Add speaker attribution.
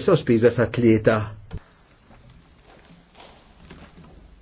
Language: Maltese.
Speaker 1: sospiża sa' tlieta